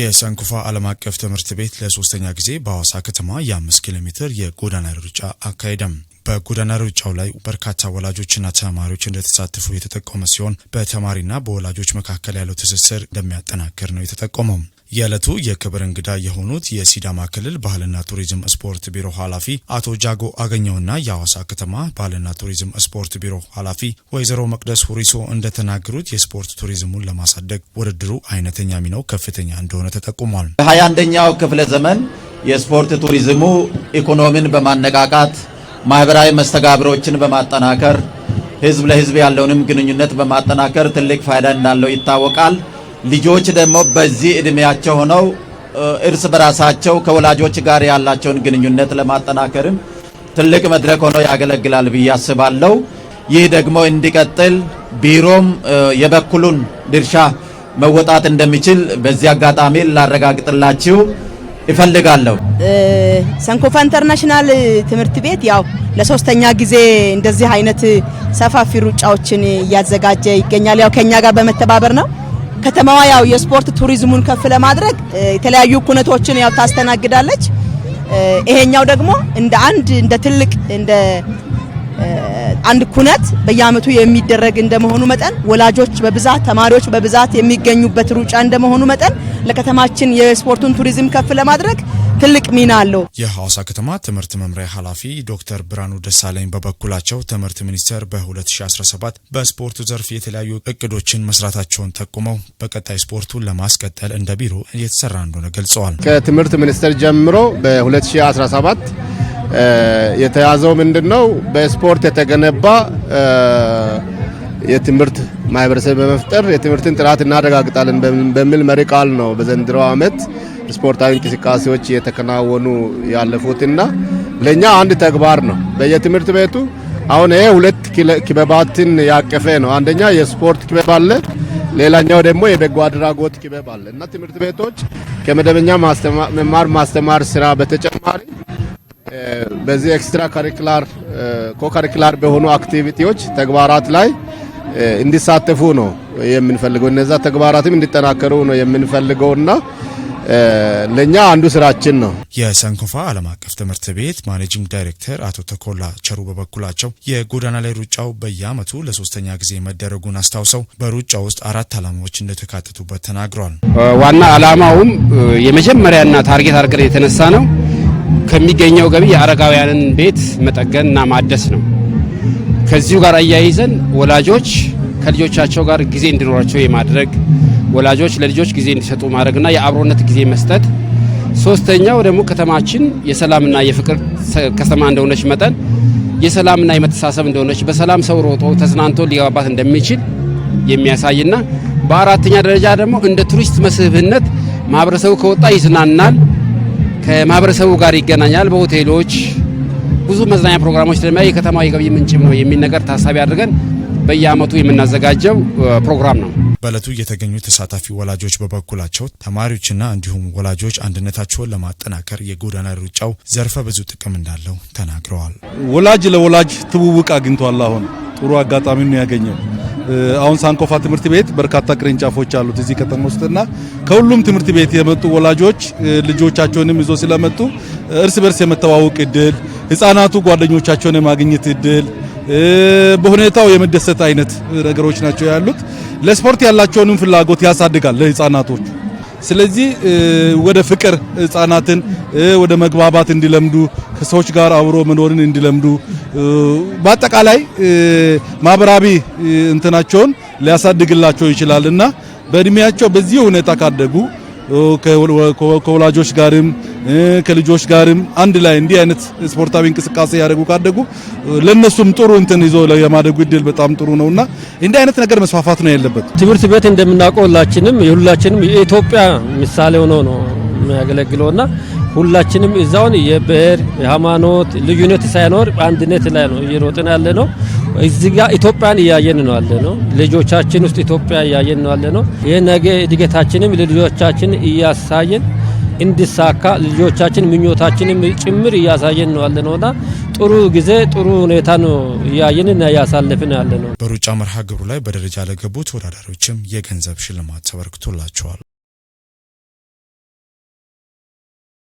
የሰንኩፋ ዓለም አቀፍ ትምህርት ቤት ለሶስተኛ ጊዜ በሐዋሳ ከተማ የአምስት ኪሎ ሜትር የጎዳና ሩጫ አካሄደም። በጎዳና ሩጫው ላይ በርካታ ወላጆችና ተማሪዎች እንደተሳተፉ የተጠቆመ ሲሆን በተማሪና በወላጆች መካከል ያለው ትስስር እንደሚያጠናክር ነው የተጠቆመው። የዕለቱ የክብር እንግዳ የሆኑት የሲዳማ ክልል ባህልና ቱሪዝም ስፖርት ቢሮ ኃላፊ አቶ ጃጎ አገኘውና የሐዋሳ ከተማ ባህልና ቱሪዝም ስፖርት ቢሮ ኃላፊ ወይዘሮ መቅደስ ሁሪሶ እንደተናገሩት የስፖርት ቱሪዝሙን ለማሳደግ ውድድሩ አይነተኛ ሚናው ከፍተኛ እንደሆነ ተጠቁሟል። በሀያ አንደኛው ክፍለ ዘመን የስፖርት ቱሪዝሙ ኢኮኖሚን በማነቃቃት ማህበራዊ መስተጋብሮችን በማጠናከር ህዝብ ለህዝብ ያለውንም ግንኙነት በማጠናከር ትልቅ ፋይዳ እንዳለው ይታወቃል። ልጆች ደግሞ በዚህ እድሜያቸው ሆነው እርስ በራሳቸው ከወላጆች ጋር ያላቸውን ግንኙነት ለማጠናከርም ትልቅ መድረክ ሆኖ ያገለግላል ብዬ አስባለሁ። ይህ ደግሞ እንዲቀጥል ቢሮም የበኩሉን ድርሻ መወጣት እንደሚችል በዚህ አጋጣሚ ላረጋግጥላችሁ ይፈልጋለሁ። ሰንኮፋ ኢንተርናሽናል ትምህርት ቤት ያው ለሶስተኛ ጊዜ እንደዚህ አይነት ሰፋፊ ሩጫዎችን እያዘጋጀ ይገኛል። ያው ከኛ ጋር በመተባበር ነው። ከተማዋ ያው የስፖርት ቱሪዝሙን ከፍ ለማድረግ የተለያዩ ኩነቶችን ያው ታስተናግዳለች። ይሄኛው ደግሞ እንደ አንድ እንደ ትልቅ እንደ አንድ ኩነት በየአመቱ የሚደረግ እንደመሆኑ መጠን ወላጆች በብዛት ተማሪዎች በብዛት የሚገኙበት ሩጫ እንደመሆኑ መጠን ለከተማችን የስፖርቱን ቱሪዝም ከፍ ለማድረግ ትልቅ ሚና አለው። የሐዋሳ ከተማ ትምህርት መምሪያ ኃላፊ ዶክተር ብርሃኑ ደሳለኝ በበኩላቸው ትምህርት ሚኒስቴር በ2017 በስፖርቱ ዘርፍ የተለያዩ እቅዶችን መስራታቸውን ጠቁመው በቀጣይ ስፖርቱን ለማስቀጠል እንደ ቢሮ እየተሰራ እንደሆነ ገልጸዋል። ከትምህርት ሚኒስቴር ጀምሮ በ2017 የተያዘው ምንድን ነው? በስፖርት የተገነባ የትምህርት ማህበረሰብ በመፍጠር የትምህርትን ጥራት እናረጋግጣለን በሚል መሪ ቃል ነው በዘንድሮ ዓመት ስፖርታዊ እንቅስቃሴዎች የተከናወኑ ያለፉትና ለእኛ አንድ ተግባር ነው። በየትምህርት ቤቱ አሁን ይሄ ሁለት ክበባትን ያቀፈ ነው። አንደኛ የስፖርት ክበብ አለ፣ ሌላኛው ደግሞ የበጎ አድራጎት ክበብ አለ እና ትምህርት ቤቶች ከመደበኛ መማር ማስተማር ስራ በተጨማሪ በዚህ ኤክስትራ ካሪኩላር ኮካሪኩላር በሆኑ አክቲቪቲዎች ተግባራት ላይ እንዲሳተፉ ነው የምንፈልገው። እነዛ ተግባራትም እንዲጠናከሩ ነው የምንፈልገውና ለእኛ አንዱ ስራችን ነው። የሰንኮፋ ዓለም አቀፍ ትምህርት ቤት ማኔጂንግ ዳይሬክተር አቶ ተኮላ ቸሩ በበኩላቸው የጎዳና ላይ ሩጫው በየአመቱ ለሶስተኛ ጊዜ መደረጉን አስታውሰው በሩጫ ውስጥ አራት ዓላማዎች እንደተካተቱበት ተናግረዋል። ዋና ዓላማውም የመጀመሪያና ታርጌት አድርገን የተነሳ ነው ከሚገኘው ገቢ የአረጋውያንን ቤት መጠገን እና ማደስ ነው። ከዚሁ ጋር አያይዘን ወላጆች ከልጆቻቸው ጋር ጊዜ እንዲኖራቸው የማድረግ ወላጆች ለልጆች ጊዜ እንዲሰጡ ማድረግና የአብሮነት ጊዜ መስጠት። ሶስተኛው ደግሞ ከተማችን የሰላምና የፍቅር ከተማ እንደሆነች መጠን የሰላምና የመተሳሰብ እንደሆነች በሰላም ሰው ሮጦ ተዝናንቶ ሊገባባት እንደሚችል የሚያሳይና በአራተኛ ደረጃ ደግሞ እንደ ቱሪስት መስህብነት ማህበረሰቡ ከወጣ ይዝናናል፣ ከማህበረሰቡ ጋር ይገናኛል። በሆቴሎች ብዙ መዝናኛ ፕሮግራሞች ስለሚያ የከተማው የገቢ ምንጭም ነው የሚል ነገር ታሳቢ አድርገን በየአመቱ የምናዘጋጀው ፕሮግራም ነው። በዕለቱ የተገኙ ተሳታፊ ወላጆች በበኩላቸው ተማሪዎችና እንዲሁም ወላጆች አንድነታቸውን ለማጠናከር የጎዳና ሩጫው ዘርፈ ብዙ ጥቅም እንዳለው ተናግረዋል። ወላጅ ለወላጅ ትውውቅ አግኝቷል። አሁን ጥሩ አጋጣሚ ነው ያገኘው። አሁን ሳንኮፋ ትምህርት ቤት በርካታ ቅርንጫፎች አሉት እዚህ ከተማ ውስጥና ከሁሉም ትምህርት ቤት የመጡ ወላጆች ልጆቻቸውንም ይዞ ስለመጡ እርስ በርስ የመተዋወቅ እድል፣ ህጻናቱ ጓደኞቻቸውን የማግኘት እድል በሁኔታው የመደሰት አይነት ነገሮች ናቸው ያሉት። ለስፖርት ያላቸውንም ፍላጎት ያሳድጋል ለህፃናቶቹ። ስለዚህ ወደ ፍቅር ህፃናትን ወደ መግባባት እንዲለምዱ ከሰዎች ጋር አብሮ መኖርን እንዲለምዱ በአጠቃላይ ማብራቢ እንትናቸውን ሊያሳድግላቸው ይችላል እና በእድሜያቸው በዚህ ሁኔታ ካደጉ ከወላጆች ጋርም ከልጆች ጋርም አንድ ላይ እንዲህ አይነት ስፖርታዊ እንቅስቃሴ ያደርጉ ካደጉ ለነሱም ጥሩ እንትን ይዞ የማደጉ እድል በጣም ጥሩ ነውና እንዲህ አይነት ነገር መስፋፋት ነው ያለበት። ትምህርት ቤት እንደምናውቀው ሁላችንም የሁላችንም የኢትዮጵያ ምሳሌ ሆኖ ነው የሚያገለግለውና ሁላችንም እዛውን የብሔር የሃይማኖት ልዩነት ሳይኖር አንድነት ላይ ነው እየሮጥን ያለ ነው። እዚ ጋር ኢትዮጵያን እያየን ነው ያለ ነው። ልጆቻችን ውስጥ ኢትዮጵያ እያየን ነው ያለ ነው። ይህ ነገ እድገታችንም ለልጆቻችን እያሳየን እንዲሳካ ልጆቻችን ምኞታችንም ጭምር እያሳየን ነው ያለ ነውና ጥሩ ጊዜ ጥሩ ሁኔታ ነው እያየንና እያሳለፍን ያለ ነው። በሩጫ መርሃ ግብሩ ላይ በደረጃ ለገቡ ተወዳዳሪዎችም የገንዘብ ሽልማት ተበርክቶላቸዋል።